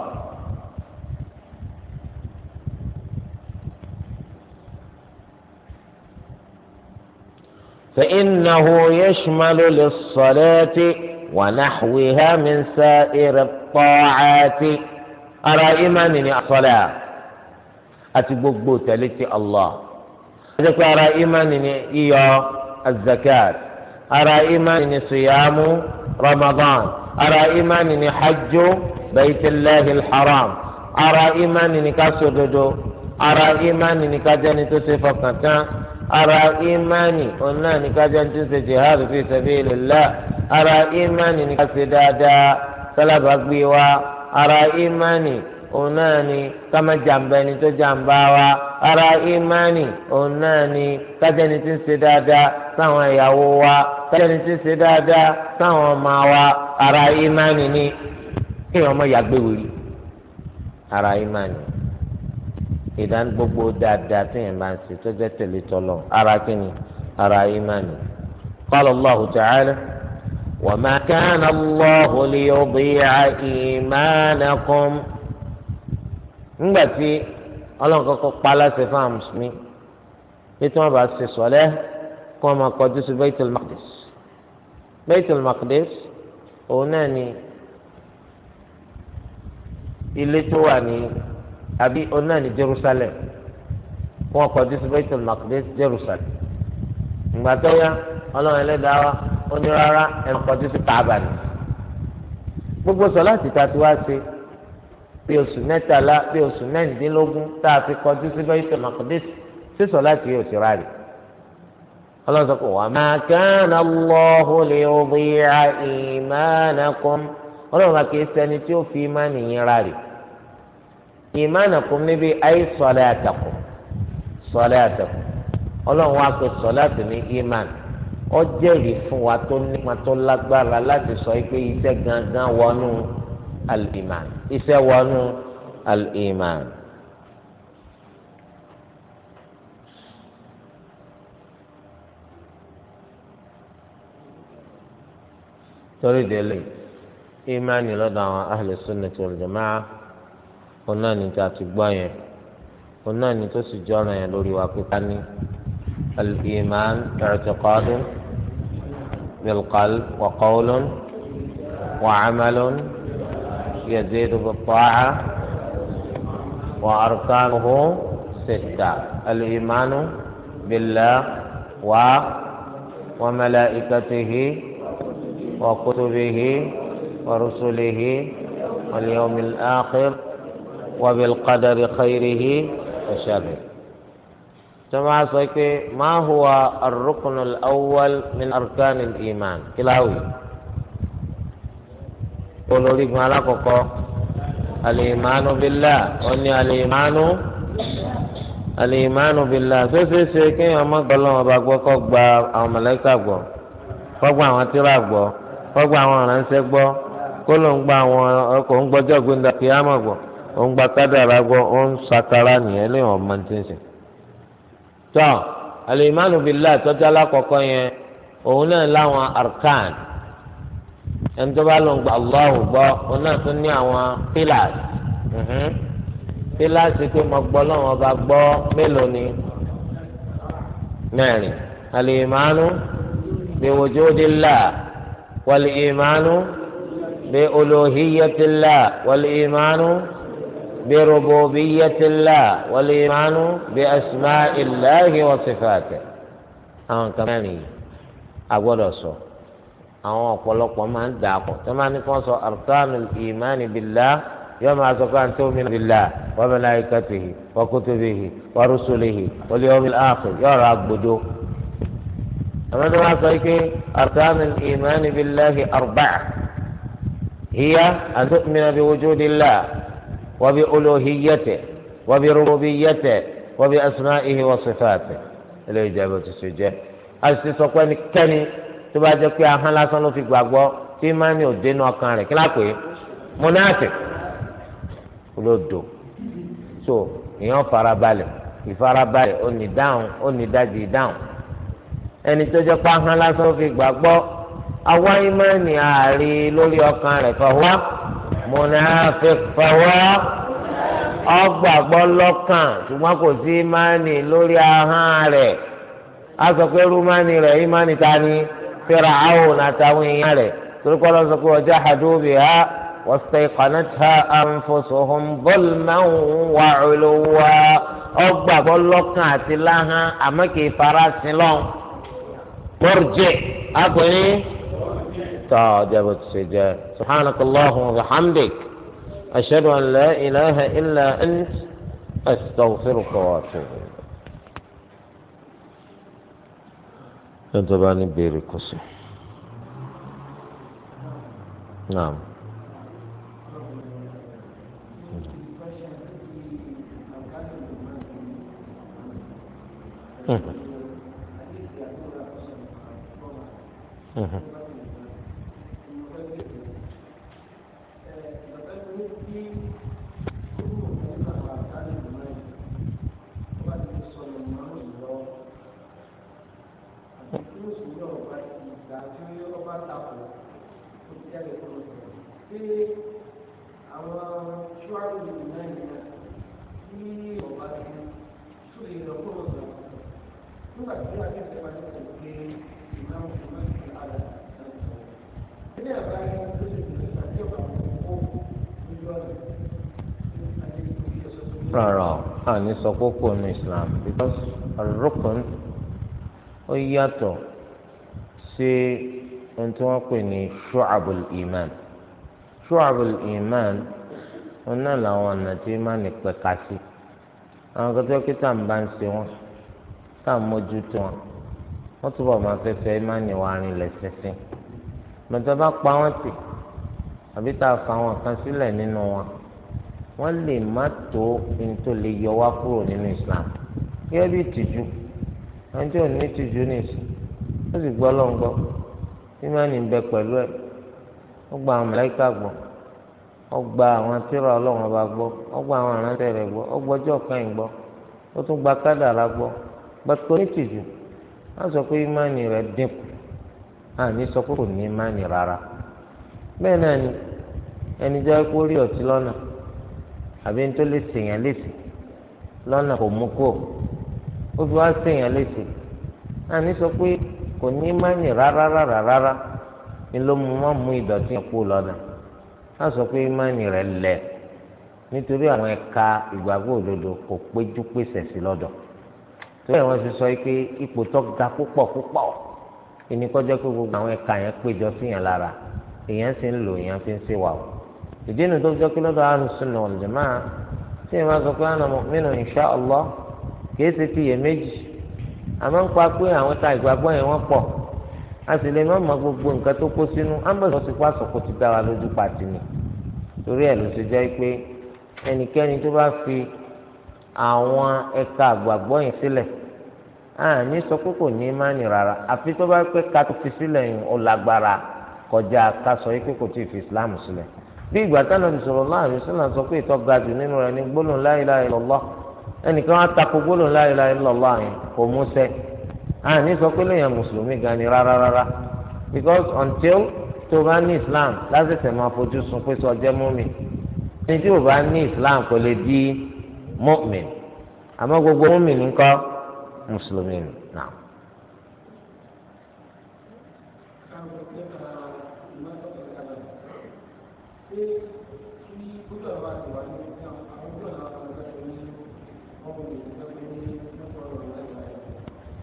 فإنه يشمل للصلاة ونحوها من سائر الطاعات أرى إيمانني الصلاة أتبقبو تلتي الله أتبقى أرى إيمانني إياه azakat ara imani ni siyamu ramadan ara imani ni hajju baitillahi alharam ara imani ni ká ṣòdodo ara imani ni ká jẹni tó ṣe fọkàn tán ara imani ọ̀nà ni ká jẹni tó ṣe jihad fi sabilillah ara imani ni ká ṣe dáadáa sálábàgbé wa ara imani ọ̀nà ni ká má jàmbá ẹni tó jàmbá wa. ara imani onani tajani ti se dada sáwọn ẹyàwó wa tajani ti se dada sáwọn ọmọ wa ara imani ni kí ọmọ yàgbé wuli ara imani ìdáni gbogbo dada si yẹn bá ń se tó jẹ ara kíni ara imani kọlọ lọhùn tẹ́lẹ̀ wọ́n máa kẹ́hánà lọ́hùn lè yọ bí i ha ìmánà kọ́m ńgbàtí. ọlọ́run kọ́kọ́ pa aláṣẹ fáwọn mùsùlùmí pé tí wọ́n bá ṣe sọ̀lẹ́ kí wọ́n máa kọjú sí Baitul Maqdis Baitul Maqdis òun náà ni ilé tó wà ní àbí òun náà ni Jerusalem kí wọ́n kọjú sí Baitul Maqdis Jerusalem ìgbà tó yá ọlọ́run ẹlẹ́dàá wa ó ní rárá ẹ̀ ń kọjú sí Kaaba gbogbo sọ láti ta tí wá ṣe bí oṣù mẹ́tàlá bí oṣù mẹ́rìndínlógún tá a fi kọjú sí Baitul Maqdis sísọ láti yóò ti ráàlì ọlọ́run sọ pé wa ma kana Allahu li yudi'a imanakum ọlọ́run bá kì í ṣẹni tí ó fi ìmánì yín ráàlì imanakum níbi ay salatakum salatakum ọlọ́run wá pé salatu ní ìmánì ó jẹ́rìí fún wa tó nípa tó lágbára láti sọ al-iman iṣẹ́ wọnú al-iman. torí délé ìmánì lọ́dọ̀ àwọn ahlu sunnati wal jama'a ọ̀nà ni tá a ti gbọ́ yẹn ọ̀nà ni tó sì jọ́ yẹn lórí wa pípa ní al-iman i'tiqadun bil qalbi wa يزيد بالطاعة وأركانه ستة الإيمان بالله و وملائكته وكتبه ورسله واليوم الآخر وبالقدر خيره وشره جماعة ما هو الركن الأول من أركان الإيمان كلاوي olórígun alákọ̀ọ́kọ́ alìmánu bílà wọ́n ní alìmánu alìmánu bílà tó ṣe é ṣe kéèyàn mọ́gbọ́lọ́wọ́ bá gbọ́ kó gba àwọn mọ̀lẹ́kà gbọ́ kó gba àwọn tírà gbọ́ kó gba àwọn aránṣẹ́ gbọ́ kó ló ń gba àwọn ọkọ̀ ń gbọ́jọ́ gbẹ́ndà kíámọ̀ gbọ́ ó ń gba kádàrá gbọ́ ó ń sakara nìyẹn lè wọ́n máa ti ń sìn. tó alìmánu bílà tọ́jú alákọ̀ọ́kọ́ yẹn òun náà láwọn arkan ẹni tó bá lọ ń gba Allahu gbọ́ òun náà tún ní àwọn pílàs mhm. pílàs pé mo gbọ́ lọ́wọ́ ọba gbọ́ mélòó ni mẹ́rin al-imanu bi wujudillah wal-imanu bi uluhiyatillah wal-imanu bi rububiyatillah wal-imanu bi asma'illahi àwọn kan mẹ́rin a gbọ́dọ̀ sọ. So àwọn ọ̀pọ̀lọpọ̀ máa ń dà pọ̀ tó máa ní kí wọ́n sọ arkanul imani billah yóò máa sọ pé àǹtí omi billah wa malaikatihi wa kutubihi wa rusulihi wal yawmil akhir yóò rà gbòdo. àwọn tó máa sọ pé arkanul imani billahi arba'a hiya an tu'mina bi wujudillah wa bi uluhiyyatihi wa bi rububiyyatihi wa bi asma'ihi wa sifatihi ilé ìjẹ́bù tó ṣe jẹ́ àti tó bá jẹ́ pé ahọ́n lásán ló fi gbàgbọ́ tí imáni ò dénú ọkàn rẹ̀ kí lápè mọ́nàfẹ́ olódò so èèyàn farabalẹ̀ ìfarabalẹ̀ onídáhùn onídàjì ìdáhùn ẹni tó jẹ́ pé ahọ́n lásán ló fi gbàgbọ́ awa imáni ààrí lórí ọkàn rẹ̀ fọwọ́ mọ́nàfẹ́ fọwọ́ ọgbàgbọ́ lọ́kàn ṣùgbọ́n kò sí imáni lórí ahọ́n rẹ̀ a sọ pé rúmánì rẹ̀ imáni ta ni. Fir'aun àtàwọn èèyàn rẹ̀ torí kọ́ lọ́sọ̀ pé wajahadu biha wastayqanatha anfusuhum zulman wa 'uluwa ọgbà bọ́lọ́kàn àti láhán àmọ́ kì í farasin lọ́n mọ́rjẹ́ akọni tọ́ ọjọ́ bó ti ṣe jẹ́ subhanakallahumma wa bihamdik ashhadu an la ilaha illa ant astaghfiruka wa atubu. lóun tó bá ní béèrè kò sí. Naam. Mm-hmm. Mm-hmm. bá takò ó ti jáde kúrò ṣe àwọn ṣúwárò ìlú náà nìyẹn tí ọba ti tó lè lọ kúrò lọ nígbà tí a ti ṣe wájú kò gbé ìmáwó tó máa ń fi ara ilé ẹ̀ka ni wọ́n tó lè lè ṣàtì ọ̀gá òkú lójú ọ̀rẹ́ rárá o a ní sọ kókó ní Islam because arúgbó ó yàtọ̀ sí ohun tí wọ́n pè ní shu'abul iman shu'abul iman wọn náà làwọn ọ̀nà tí iman pẹ̀ka sí àwọn akẹ́kọ̀ọ́ kí tá à ń bá ń ṣe wọn tá à ń mójútó wọn wọ́n túbọ̀ máa fẹ́ fẹ́ iman wà rìnlẹ̀ ṣinṣin mọ̀tọ́ bá pa wọ́n tì àbí tá a fa àwọn kan sílẹ̀ nínú wọn wọ́n lè má tó ohun tó lè yọ wá kúrò nínú Islam gẹ́gẹ́ bí ìtìjú ẹni tí ò ní ìtìjú ó sì gbọ́ lọ́ngbọ́n. ìmánì ń bẹ pẹ̀lú ẹ̀ ó gba àwọn màláíkà gbọ́ ó gba àwọn tírà ọlọ́run ọba gbọ́ ó gba àwọn àrántẹ́ rẹ̀ gbọ ó gbọ́jọ́ kẹ́yìn gbọ́ ó tún gba kádàrá gbọ́ gbàtúkọ ní tìjú á sọ pé dínkù àní sọ pé kò ní kò ní mánì rárá rárá rárá ni ló mú wọn mú ìdọ̀tí yẹn kú sọ pé mánì rẹ̀ lẹ̀ nítorí àwọn ẹ̀ka ìgbàgbọ́ òdodo kò péjú pèsè sí lọ́dọ̀ tó yẹ wọn ti sọ pé ipò tó ga púpọ̀ púpọ̀ ìní kọjá pé gbogbo àwọn ẹ̀ka yẹn péjọ sí yẹn lára èèyàn sì ń lò fi ń ṣe wà ìdí tó jẹ́ àmọ́ ń pa pé àwọn ta ìgbàgbọ́ yẹn wọ́n pọ̀ a sì lè má mọ gbogbo nǹkan tó kó sínú ámbọ̀sọ̀ ti pa sọ̀kò ti dá wa lójú pàtì ni torí ẹ̀ ló ṣe jẹ́ pé ẹnikẹ́ni tó bá fi àwọn ẹ̀ka àgbàgbọ́ yẹn sílẹ̀ àní sọ pé kò ní má ní rárá àfi tó bá pẹ́ ká tó fi sílẹ̀ yìí ó lágbára kọjá ká sọ pé kò tí ì fi Islam sílẹ̀ bí ìgbà tánà ti sọ̀rọ̀ láàrin sílẹ̀ sọ pé ìtọ́gajù nínú rẹ̀ ní gbólóhùn la ilaha ẹnìkan á takò gbólóhùn la ilaha illallah yẹn kò mú ṣẹ àní sọ pé lóyún mùsùlùmí gan ni rárá rárá because until tó bá ní islam lásìsẹ́ máa fojú sun pé sọ jẹ́ mọ́mì ẹni tí ò bá ní islam kò lè di mọ́mì àmọ́ gbogbo mọ́mì nìkan mùsùlùmí ni.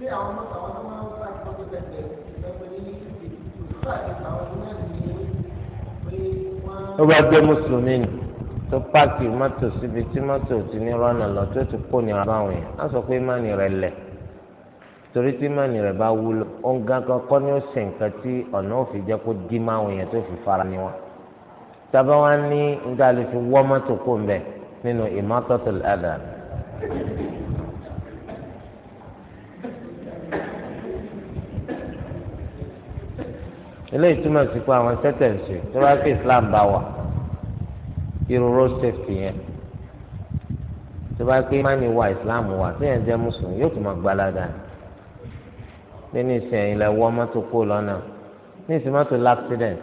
ṣé àwọn mọ́tò àwọn tó máa ń bá ìtọ́jú bẹ̀rẹ̀ ìgbẹ́pẹ́ ní ìgbà ìgbà ọdún náà ní pé wọ́n. ó bá gbé mùsùlùmí ni tó páàkì mọ́tò síbi tí mọ́tò ti ní rọ́nà lọ tó ti kó ní ara àwọn yẹn á sọ pé má ní rẹ lẹ̀ torí tí má ní rẹ bá wúlò ọ̀ǹgá kan kọ́ ni ó nǹkan tí ọ̀nà òfin jẹ́ kó dí má àwọn yẹn tó fi fara ní wọn tábà wá ní níta lè fi wọ́ mọ́tò kó ń bẹ̀ nínú ìmọ́tótó ẹ̀dá eléyìí túmọ̀ sí pé àwọn sẹ́tẹ̀ǹsì tó bá fi islam bá wà irú road safety yẹn tó bá pé mání wà islam wà séèyàn jẹ́ mùsùlùmí yóò tún máa gbalada nínú ìsìn ẹ̀yìn lẹ wọ́ mọ́tò kó lọ́nà ní ìsìn mọ́tò l'accident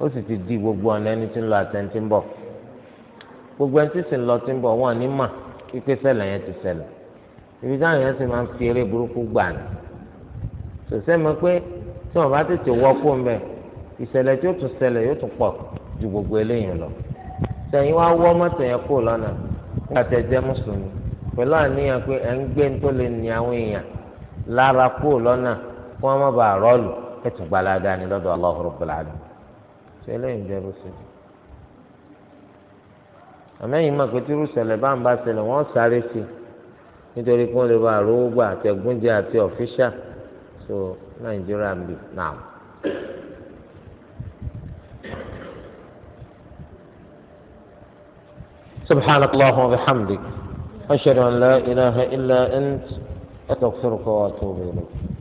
ó sì ti di gbogbo ọ̀nà ẹni tí ń lọ àti ẹni tí ń bọ̀ gbogbo ẹni tí sì ń lọ tí ń bọ̀ wọn ní mà pípé ṣẹlẹ̀ yẹn ti ṣẹlẹ̀ ibi táwọn yẹn sì máa ń fi eré burúkú gbà ní sòsẹ́ mi pé tí wọn bá tètè wọ kó mbẹ ìṣẹ̀lẹ̀ tí ó tún ṣẹlẹ̀ yóò tún pọ̀ ju gbogbo eléyìí lọ sẹ́yìn wá wọ mọ́tò yẹn kó lọ́nà kí àtẹjẹ mùsùlùmí pẹ̀lú àníyàn pé ẹ ń gbé tó lè ní àwọn èèyàn lára kó lọ́nà wọn má bàa rọlù ẹtù ni ṣe àmẹyìn bá wọn sáré sí nítorí wọn lè bá àtẹgúnjẹ so nàìjíríà ń bì سبحانك اللهم وبحمدك أشهد أن لا إله إلا أنت أستغفرك وأتوب إليك